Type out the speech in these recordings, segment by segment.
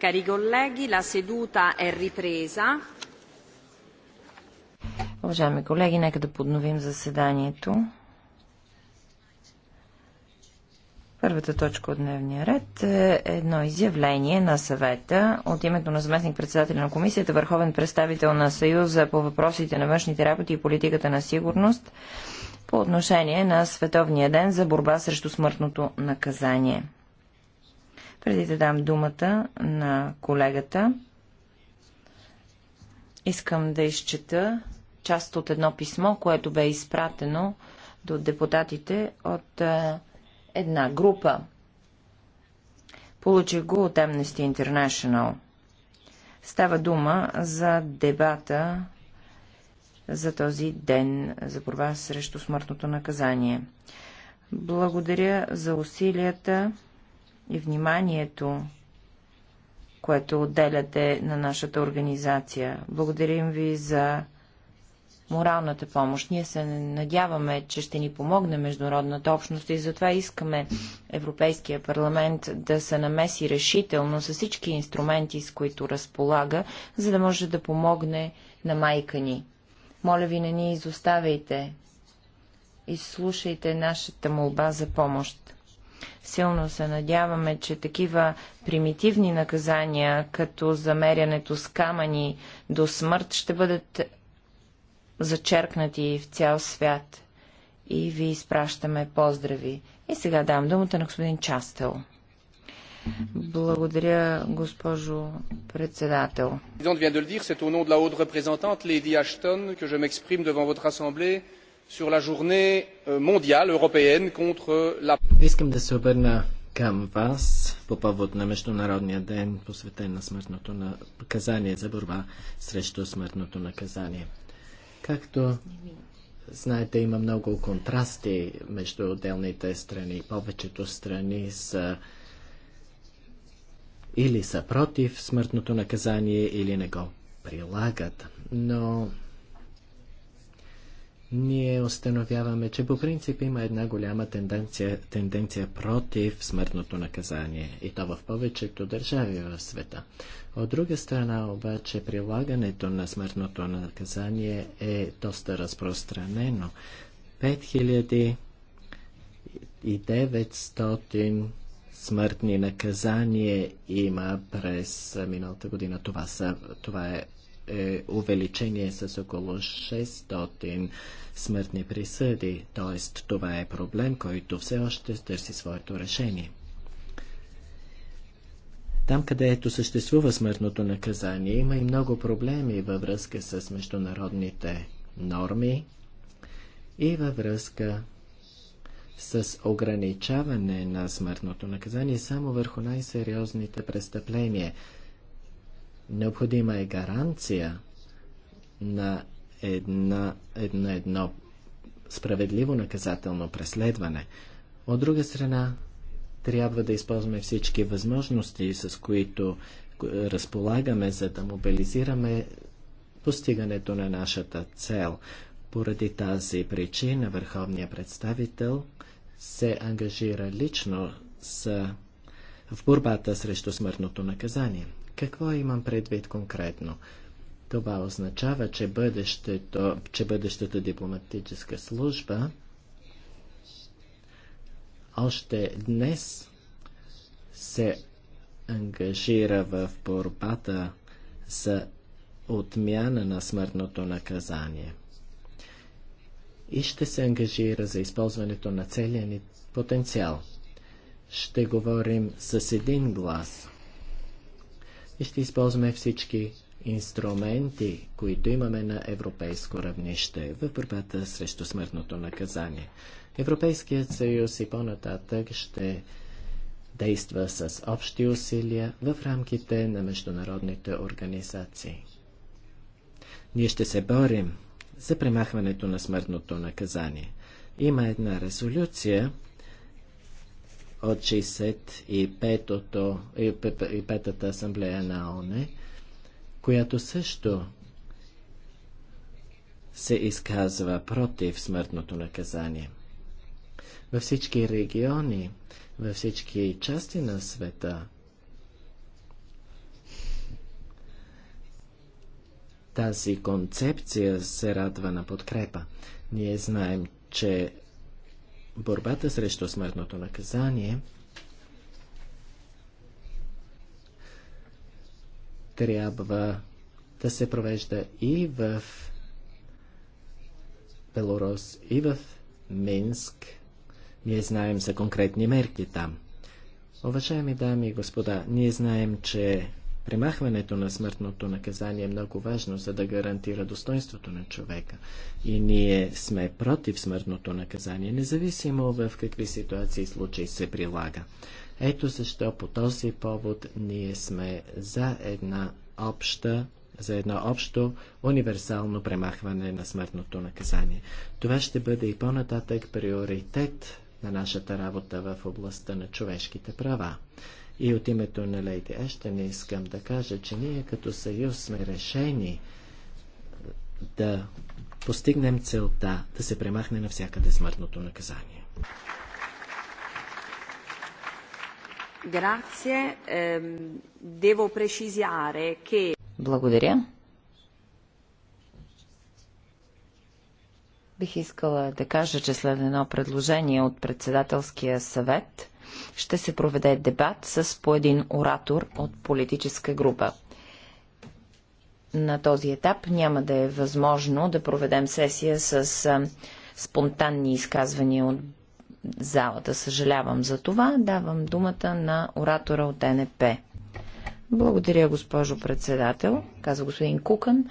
Cari colleghi, la seduta è ripresa. Уважаеми колеги, нека да подновим заседанието. Първата точка от дневния ред е едно изявление на съвета от името на заместник председателя на комисията, върховен представител на Съюза по въпросите на външните работи и политиката на сигурност по отношение на Световния ден за борба срещу смъртното наказание. Преди да дам думата на колегата, искам да изчета част от едно писмо, което бе изпратено до депутатите от е, една група. Получих го от Amnesty International. Става дума за дебата за този ден за борба срещу смъртното наказание. Благодаря за усилията и вниманието, което отделяте на нашата организация. Благодарим ви за моралната помощ. Ние се надяваме, че ще ни помогне международната общност и затова искаме Европейския парламент да се намеси решително с всички инструменти, с които разполага, за да може да помогне на майка ни. Моля ви, не ни изоставяйте. и слушайте нашата молба за помощ. Силно се надяваме, че такива примитивни наказания, като замерянето с камъни до смърт, ще бъдат зачеркнати в цял свят. И ви изпращаме поздрави. И сега дам думата на господин Частел. Благодаря, госпожо председател sur la journée euh, mondiale européenne contre la... Искам да се обърна към вас по повод на Международния ден, посветен на смъртното наказание за борба срещу смъртното наказание. Както знаете, има много контрасти между отделните страни. Повечето страни са или са против смъртното наказание, или не го прилагат. Но ние установяваме, че по принцип има една голяма тенденция, тенденция против смъртното наказание и то в повечето държави в света. От друга страна обаче прилагането на смъртното наказание е доста разпространено. 5900 смъртни наказания има през миналата година. Това, са, това е е увеличение с около 600 смъртни присъди, т.е. това е проблем, който все още търси своето решение. Там, където съществува смъртното наказание, има и много проблеми във връзка с международните норми и във връзка с ограничаване на смъртното наказание само върху най-сериозните престъпления – Необходима е гаранция на, една, едно, едно справедливо наказателно преследване. От друга страна, трябва да използваме всички възможности, с които разполагаме, за да мобилизираме постигането на нашата цел. Поради тази причина върховният представител се ангажира лично с, в борбата срещу смъртното наказание. Какво имам предвид конкретно? Това означава, че, бъдещето, че бъдещата дипломатическа служба още днес се ангажира в борбата за отмяна на смъртното наказание и ще се ангажира за използването на целия ни потенциал. Ще говорим с един глас и ще използваме всички инструменти, които имаме на европейско равнище в борбата срещу смъртното наказание. Европейският съюз и по-нататък ще действа с общи усилия в рамките на международните организации. Ние ще се борим за премахването на смъртното наказание. Има една резолюция, от 65-та асамблея на ОНЕ, която също се изказва против смъртното наказание. Във всички региони, във всички части на света, тази концепция се радва на подкрепа. Ние знаем, че борбата срещу смъртното наказание трябва да се провежда и в Белорус, и в Минск. Ние знаем за конкретни мерки там. Уважаеми дами и господа, ние знаем, че Премахването на смъртното наказание е много важно, за да гарантира достоинството на човека. И ние сме против смъртното наказание, независимо в какви ситуации и случаи се прилага. Ето защо по този повод ние сме за една обща за едно общо универсално премахване на смъртното наказание. Това ще бъде и по-нататък приоритет на нашата работа в областта на човешките права. И от името на Лейди Ещен искам да кажа, че ние като съюз сме решени да постигнем целта да се премахне навсякъде смъртното наказание. Благодаря. Бих искала да кажа, че след едно предложение от председателския съвет ще се проведе дебат с по един оратор от политическа група. На този етап няма да е възможно да проведем сесия с спонтанни изказвания от залата. Съжалявам за това. Давам думата на оратора от НП. Благодаря, госпожо председател, каза господин Кукън.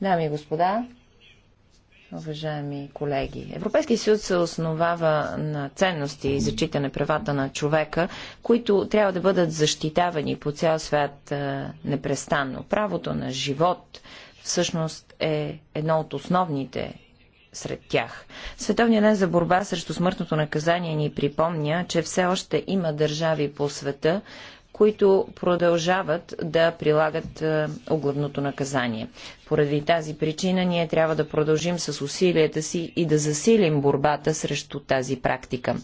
Дами и господа, уважаеми колеги. Европейския съюз се основава на ценности и зачитане правата на човека, които трябва да бъдат защитавани по цял свят е, непрестанно. Правото на живот всъщност е едно от основните сред тях. Световният ден за борба срещу смъртното наказание ни припомня, че все още има държави по света, които продължават да прилагат е, оглавното наказание. Поради тази причина ние трябва да продължим с усилията си и да засилим борбата срещу тази практика.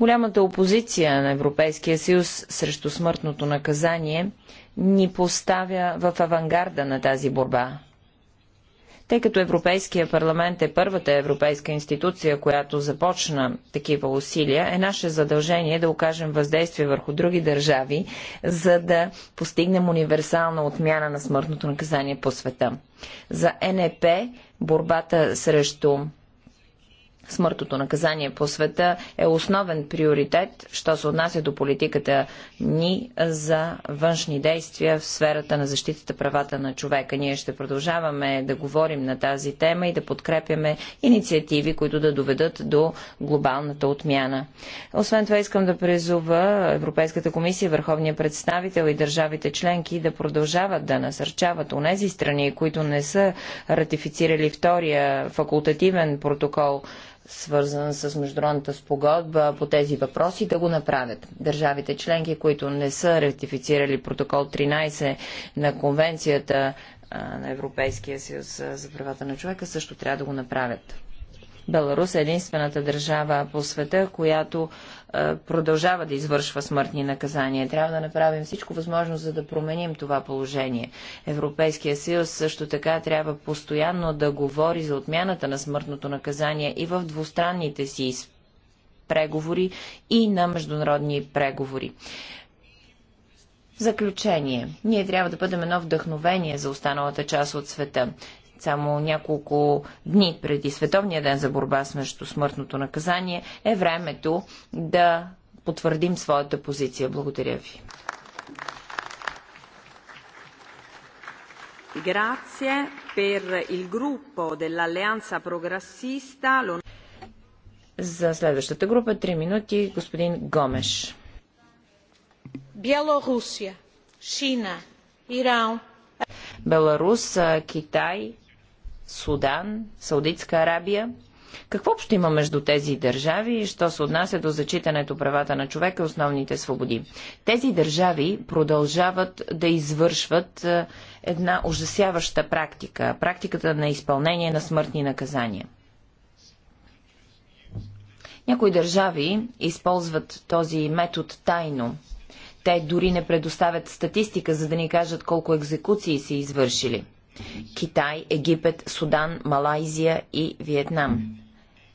Голямата опозиция на Европейския съюз срещу смъртното наказание ни поставя в авангарда на тази борба. Тъй като Европейския парламент е първата европейска институция, която започна такива усилия, е наше задължение да окажем въздействие върху други държави, за да постигнем универсална отмяна на смъртното наказание по света. За НЕП борбата срещу смъртното наказание по света е основен приоритет, що се отнася до политиката ни за външни действия в сферата на защитата правата на човека. Ние ще продължаваме да говорим на тази тема и да подкрепяме инициативи, които да доведат до глобалната отмяна. Освен това искам да призова Европейската комисия, Върховния представител и държавите членки да продължават да насърчават онези страни, които не са ратифицирали втория факултативен протокол свързан с международната спогодба по тези въпроси, да го направят. Държавите членки, които не са ратифицирали протокол 13 на конвенцията на Европейския съюз за правата на човека, също трябва да го направят. Беларус е единствената държава по света, която е, продължава да извършва смъртни наказания. Трябва да направим всичко възможно, за да променим това положение. Европейския съюз също така трябва постоянно да говори за отмяната на смъртното наказание и в двустранните си преговори и на международни преговори. Заключение. Ние трябва да бъдем едно вдъхновение за останалата част от света само няколко дни преди Световния ден за борба с между смъртното наказание, е времето да потвърдим своята позиция. Благодаря ви. Grazie per il gruppo dell'Alleanza Progressista. За следващата група 3 минути господин Гомеш. Шина, Иран. Беларус, Китай, Судан, Саудитска Арабия. Какво общо има между тези държави, що се отнася до зачитането правата на човека и основните свободи? Тези държави продължават да извършват е, една ужасяваща практика практиката на изпълнение на смъртни наказания. Някои държави използват този метод тайно. Те дори не предоставят статистика, за да ни кажат колко екзекуции са извършили – Китай, Египет, Судан, Малайзия и Виетнам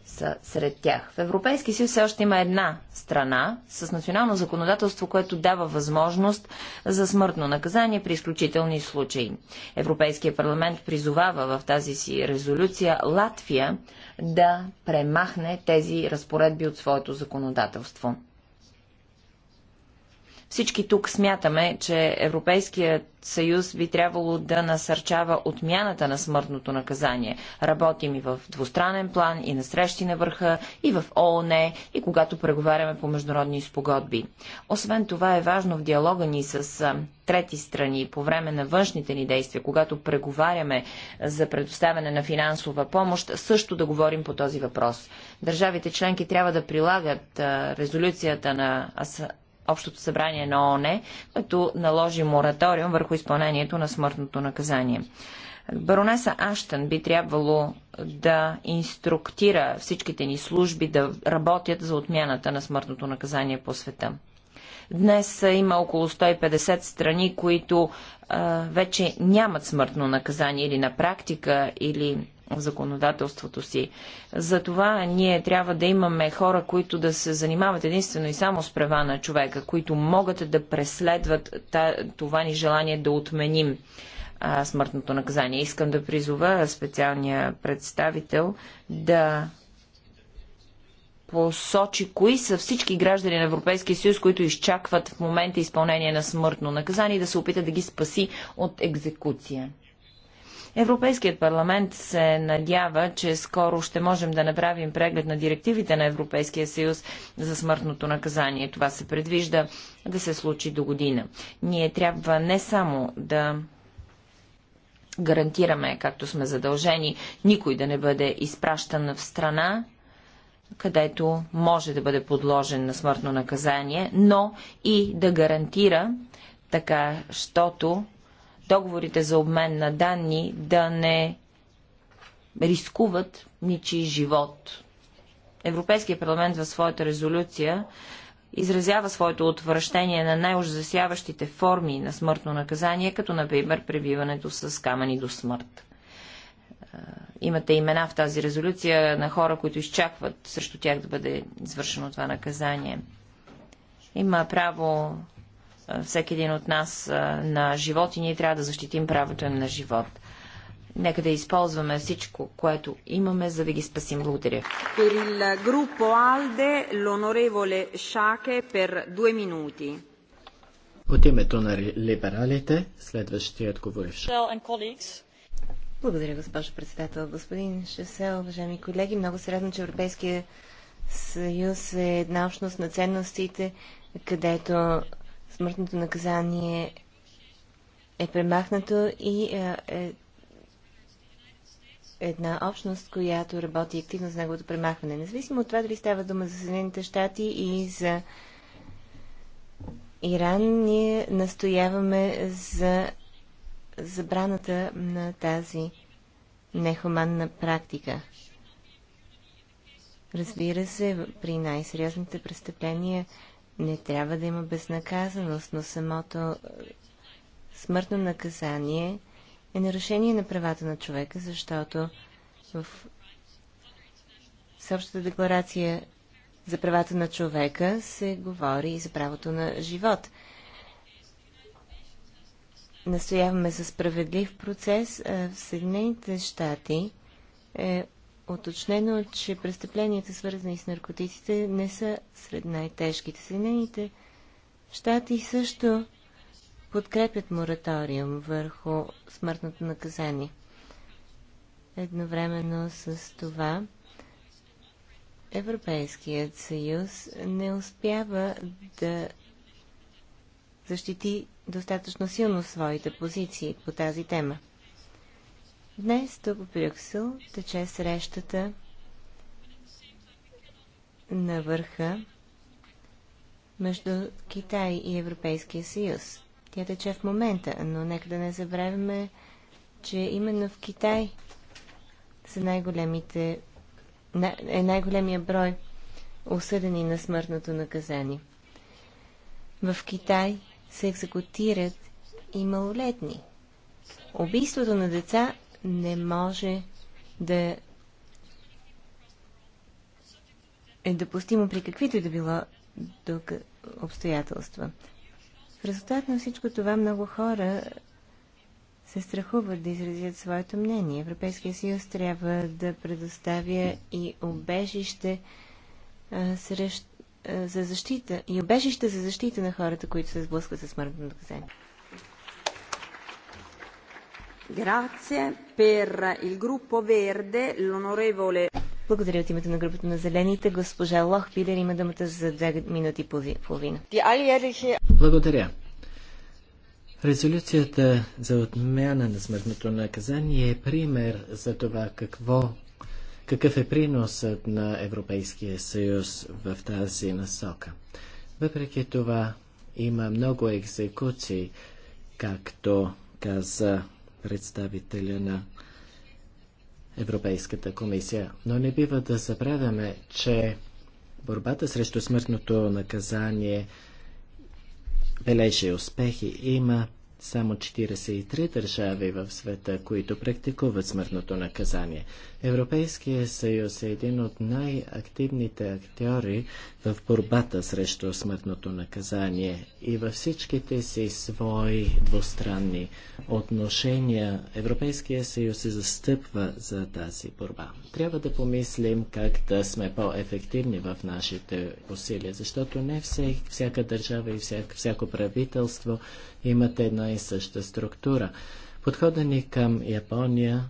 са сред тях. В Европейски съюз все още има една страна с национално законодателство, което дава възможност за смъртно наказание при изключителни случаи. Европейския парламент призовава в тази си резолюция Латвия да премахне тези разпоредби от своето законодателство. Всички тук смятаме, че Европейският съюз би трябвало да насърчава отмяната на смъртното наказание. Работим и в двустранен план, и на срещи на върха, и в ООН, и когато преговаряме по международни спогодби. Освен това е важно в диалога ни с трети страни по време на външните ни действия, когато преговаряме за предоставяне на финансова помощ, също да говорим по този въпрос. Държавите членки трябва да прилагат резолюцията на Общото събрание на ООН, което наложи мораториум върху изпълнението на смъртното наказание. Баронеса Аштън би трябвало да инструктира всичките ни служби да работят за отмяната на смъртното наказание по света. Днес има около 150 страни, които а, вече нямат смъртно наказание или на практика, или в законодателството си. Затова ние трябва да имаме хора, които да се занимават единствено и само с права на човека, които могат да преследват това ни желание да отменим смъртното наказание. Искам да призова специалния представител да посочи кои са всички граждани на Европейския съюз, които изчакват в момента изпълнение на смъртно наказание и да се опита да ги спаси от екзекуция. Европейският парламент се надява, че скоро ще можем да направим преглед на директивите на Европейския съюз за смъртното наказание. Това се предвижда да се случи до година. Ние трябва не само да гарантираме, както сме задължени, никой да не бъде изпращан в страна, където може да бъде подложен на смъртно наказание, но и да гарантира така, щото договорите за обмен на данни да не рискуват ничий живот. Европейския парламент в своята резолюция изразява своето отвращение на най-ужасяващите форми на смъртно наказание, като например пребиването с камъни до смърт. Имате имена в тази резолюция на хора, които изчакват срещу тях да бъде извършено това наказание. Има право всеки един от нас на живот и ние трябва да защитим правото им на живот. Нека да използваме всичко, което имаме, за да ги спасим. Благодаря. Per il gruppo ALDE, l'onorevole per due minuti. От името на либералите, следващият говоривш. Благодаря, госпожо председател. Господин Шесел, уважаеми колеги, много се радвам, че Европейския съюз е една общност на ценностите, където смъртното наказание е премахнато и е, е една общност, която работи активно за неговото премахване. Независимо от това дали става дума за Съединените щати и за Иран, ние настояваме за забраната на тази нехуманна практика. Разбира се, при най-сериозните престъпления не трябва да има безнаказаност, но самото е, смъртно наказание е нарушение на правата на човека, защото в Съобщата декларация за правата на човека се говори и за правото на живот. Настояваме за справедлив процес. В Съединените щати е уточнено, че престъпленията, свързани с наркотиците, не са сред най-тежките. Съединените щати също подкрепят мораториум върху смъртното наказание. Едновременно с това Европейският съюз не успява да защити достатъчно силно своите позиции по тази тема. Днес тук в Брюксел тече срещата на върха между Китай и Европейския съюз. Тя тече в момента, но нека да не забравяме, че именно в Китай са най-големите, е най-големия брой осъдени на смъртното наказание. В Китай се екзекутират и малолетни. Убийството на деца не може да е допустимо при каквито и да било обстоятелства. В резултат на всичко това много хора се страхуват да изразят своето мнение. Европейския съюз трябва да предоставя и обежище а, срещ, а, за защита и обежище за защита на хората, които се сблъскват с смъртно наказание. Благодаря от името на групата на зелените. Госпожа Лох Пилер има думата за 2 минути и половина. Благодаря. Резолюцията за отмяна на смъртното наказание е пример за това какво, какъв е приносът на Европейския съюз в тази насока. Въпреки това има много екзекуции, както каза представителя на Европейската комисия. Но не бива да забравяме, че борбата срещу смъртното наказание бележи успехи. Има само 43 държави в света, които практикуват смъртното наказание. Европейския съюз е един от най-активните актьори в борбата срещу смъртното наказание и във всичките си свои двустранни отношения Европейския съюз се застъпва за тази борба. Трябва да помислим как да сме по-ефективни в нашите усилия, защото не всяка държава и всяко, всяко правителство имат една и съща структура. Подхода ни към Япония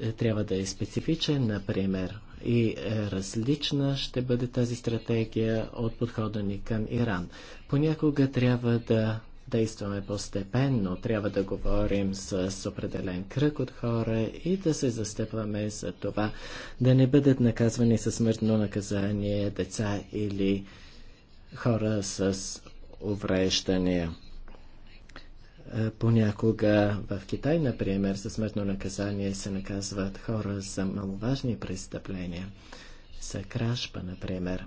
е, трябва да е специфичен, например, и е, различна ще бъде тази стратегия от подхода ни към Иран. Понякога трябва да действаме постепенно, трябва да говорим с, определен кръг от хора и да се застъпваме за това да не бъдат наказвани със смъртно наказание деца или хора с увреждания. Е, понякога в Китай, например, със смъртно наказание се наказват хора за маловажни престъпления, за кражба, например.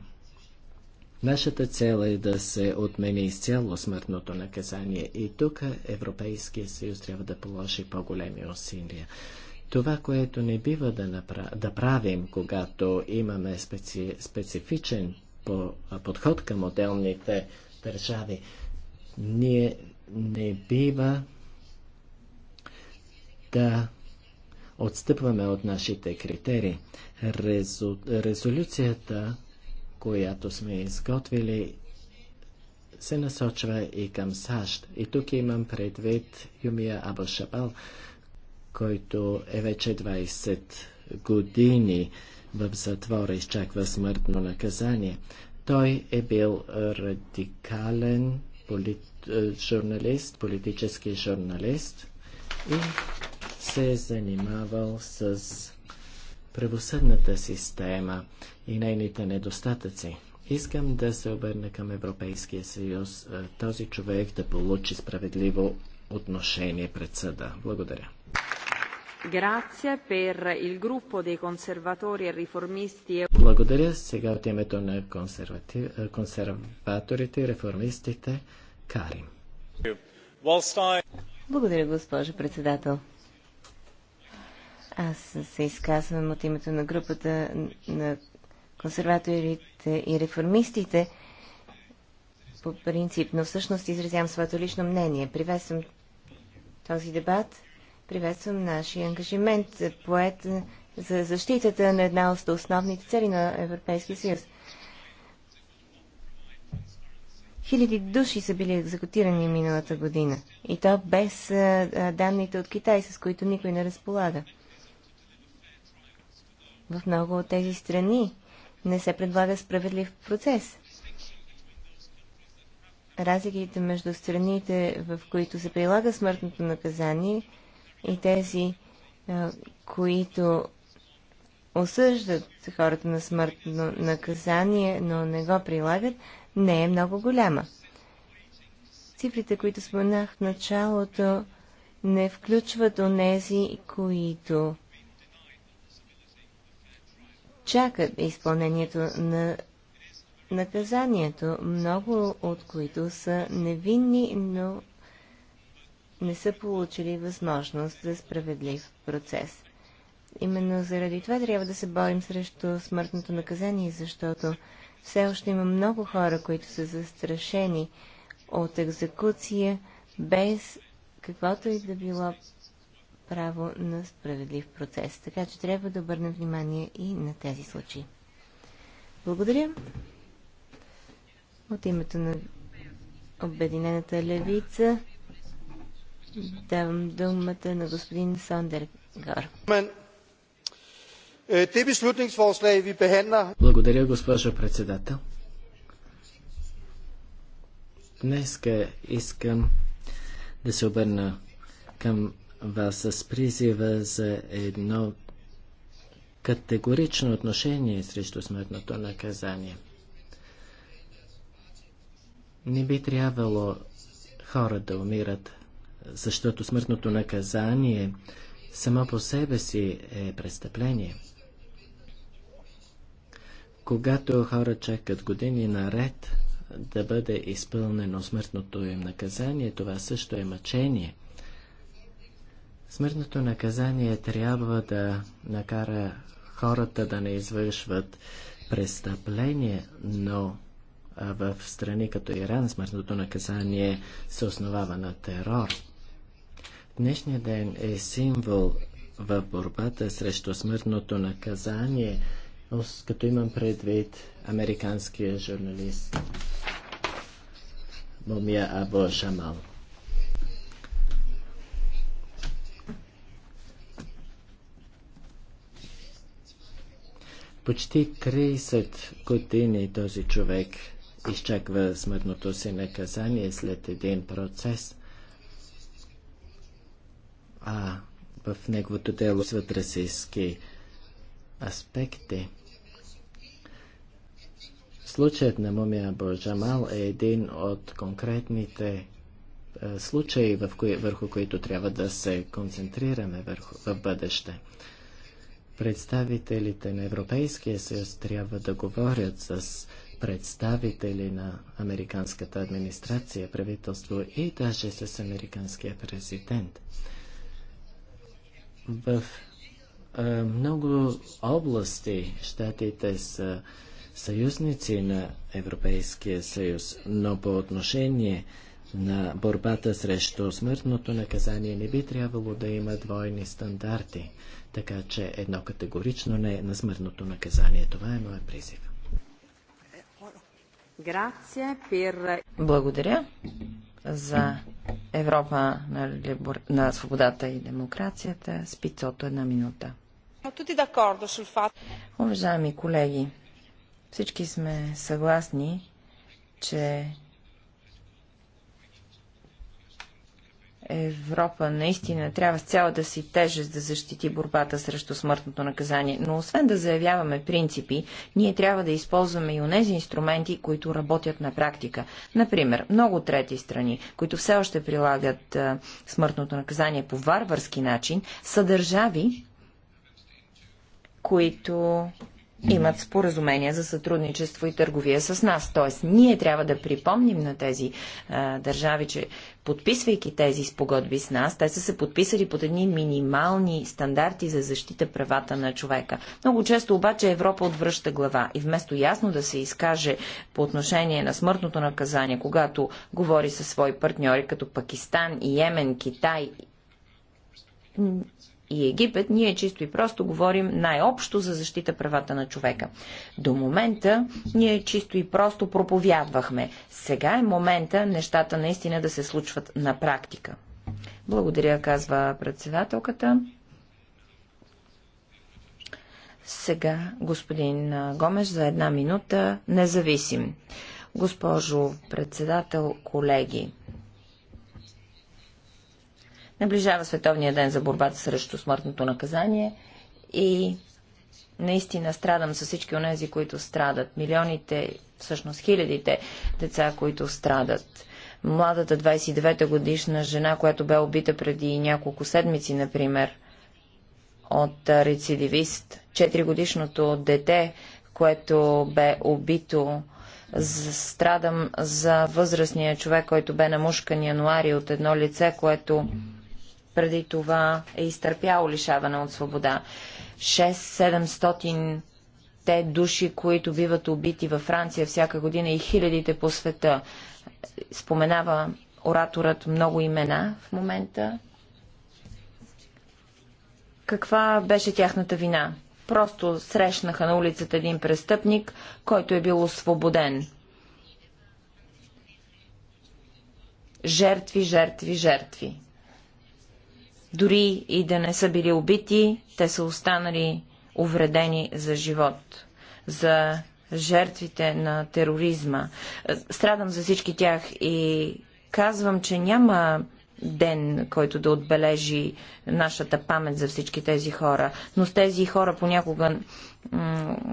Нашата цел е да се отмени изцяло смъртното наказание и тук Европейския съюз трябва да положи по-големи усилия. Това, което не бива да, направ... да правим, когато имаме специ... специфичен по... подход към отделните държави, ние не бива да отстъпваме от нашите критерии. Резу... Резолюцията, която сме изготвили, се насочва и към САЩ. И тук имам предвид Юмия Абашабал, който е вече 20 години в затвора, изчаква смъртно наказание. Той е бил радикален политик е, журналист, политически журналист и се е занимавал с правосъдната система и нейните недостатъци. Искам да се обърна към Европейския съюз, е, този човек да получи справедливо отношение пред съда. Благодаря. Е- Благодаря сега от името на консерваторите и реформистите. Карим. Благодаря, госпожо председател. Аз се изказвам от името на групата на консерваторите и реформистите по принцип, но всъщност изразявам своето лично мнение. Приветствам този дебат, приветствам нашия ангажимент, поет за защитата на една от основните цели на Европейския съюз Хиляди души са били екзекутирани миналата година. И то без данните от Китай, с които никой не разполага. В много от тези страни не се предлага справедлив процес. Разликите между страните, в които се прилага смъртното наказание и тези, които осъждат хората на смъртно наказание, но не го прилагат, не е много голяма. Цифрите, които споменах в началото, не включват онези, които чакат изпълнението на наказанието, много от които са невинни, но не са получили възможност за справедлив процес. Именно заради това трябва да се борим срещу смъртното наказание, защото все още има много хора, които са застрашени от екзекуция без каквото и да било право на справедлив процес. Така че трябва да обърнем внимание и на тези случаи. Благодаря. От името на Обединената левица давам думата на господин Сондергор. Øh, er Благодаря, госпожо председател. Днеска искам да се обърна към вас с призива за едно категорично отношение срещу смъртното наказание. Не би трябвало хора да умират, защото смъртното наказание само по себе си е престъпление – когато хора чакат години наред да бъде изпълнено смъртното им наказание, това също е мъчение. Смъртното наказание трябва да накара хората да не извършват престъпление, но в страни като Иран смъртното наказание се основава на терор. Днешният ден е символ в борбата срещу смъртното наказание – като имам предвид американския журналист Момия Або Шамал. Почти 30 години този човек изчаква смъртното си наказание след един процес, а в неговото дело с расистски аспекти. Случаят на Мумия Божамал е един от конкретните е, случаи, върху които трябва да се концентрираме в бъдеще. Представителите на Европейския съюз трябва да говорят с представители на американската администрация, правителство и даже с американския президент. В е, много области щатите са съюзници на Европейския съюз, но по отношение на борбата срещу смъртното наказание не би трябвало да има двойни стандарти. Така че едно категорично не е на смъртното наказание. Това е моят призив. Благодаря за Европа на, либор... на свободата и демокрацията. Спицото една минута. Уважаеми колеги, всички сме съгласни, че Европа наистина трябва с цялата да си тежест да защити борбата срещу смъртното наказание. Но освен да заявяваме принципи, ние трябва да използваме и онези инструменти, които работят на практика. Например, много трети страни, които все още прилагат а, смъртното наказание по варварски начин, са държави, които имат споразумения за сътрудничество и търговия с нас. Тоест, ние трябва да припомним на тези а, държави, че подписвайки тези спогодби с нас, те са се подписали под едни минимални стандарти за защита правата на човека. Много често обаче Европа отвръща глава и вместо ясно да се изкаже по отношение на смъртното наказание, когато говори със свои партньори като Пакистан, Йемен, Китай и Египет, ние чисто и просто говорим най-общо за защита правата на човека. До момента ние чисто и просто проповядвахме. Сега е момента нещата наистина да се случват на практика. Благодаря, казва председателката. Сега господин Гомеш за една минута независим. Госпожо председател, колеги, Наближава Световния ден за борбата срещу смъртното наказание и наистина страдам с всички онези, които страдат. Милионите, всъщност хилядите деца, които страдат. Младата 29 та годишна жена, която бе убита преди няколко седмици, например, от рецидивист. четиригодишното дете, което бе убито страдам за възрастния човек, който бе намушкан януари от едно лице, което преди това е изтърпяло лишаване от свобода. 6-700 те души, които биват убити във Франция всяка година и хилядите по света. Споменава ораторът много имена в момента. Каква беше тяхната вина? Просто срещнаха на улицата един престъпник, който е бил освободен. Жертви, жертви, жертви. Дори и да не са били убити, те са останали увредени за живот, за жертвите на тероризма. Страдам за всички тях и казвам, че няма ден, който да отбележи нашата памет за всички тези хора. Но с тези хора понякога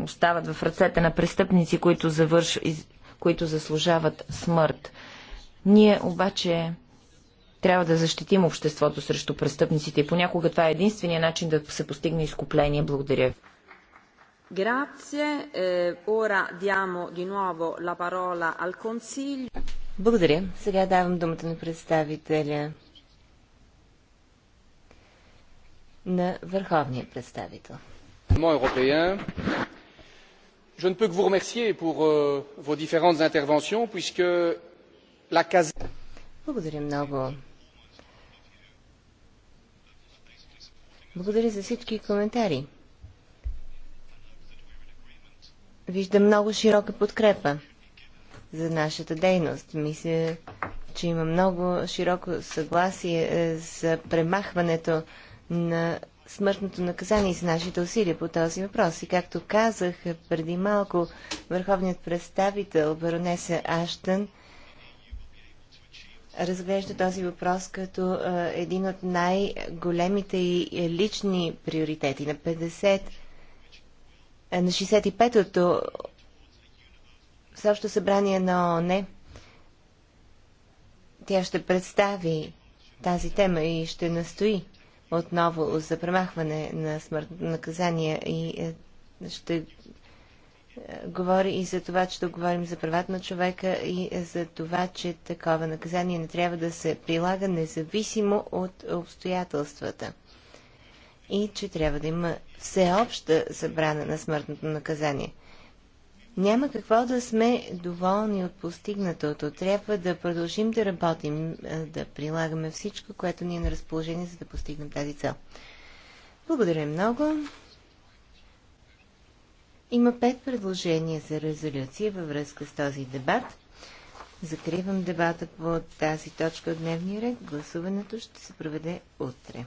остават в ръцете на престъпници, които, завърш... които заслужават смърт. Ние обаче трябва да защитим обществото срещу престъпниците и понякога това е единствения начин да се постигне изкупление. Благодаря ви. Е, Благодаря. Сега давам думата на представителя на върховния представител. Je ne peux que vous remercier pour е, vos différentes interventions puisque la Благодаря много, Благодаря за всички коментари. Виждам много широка подкрепа за нашата дейност. Мисля, че има много широко съгласие е, за премахването на смъртното наказание и за нашите усилия по този въпрос. И както казах преди малко, върховният представител Баронеса Аштън – разглежда този въпрос като един от най-големите и лични приоритети. На 50, на 65-тото Съобщо събрание на ООН тя ще представи тази тема и ще настои отново за премахване на смъртно наказание и ще говори и за това, че тук говорим за правата на човека и за това, че такова наказание не трябва да се прилага независимо от обстоятелствата и че трябва да има всеобща забрана на смъртното наказание. Няма какво да сме доволни от постигнатото. Трябва да продължим да работим, е, да прилагаме всичко, което ни е на разположение, за да постигнем тази цел. Благодаря много. Има пет предложения за резолюция във връзка с този дебат. Закривам дебата по тази точка от дневния ред. Гласуването ще се проведе утре.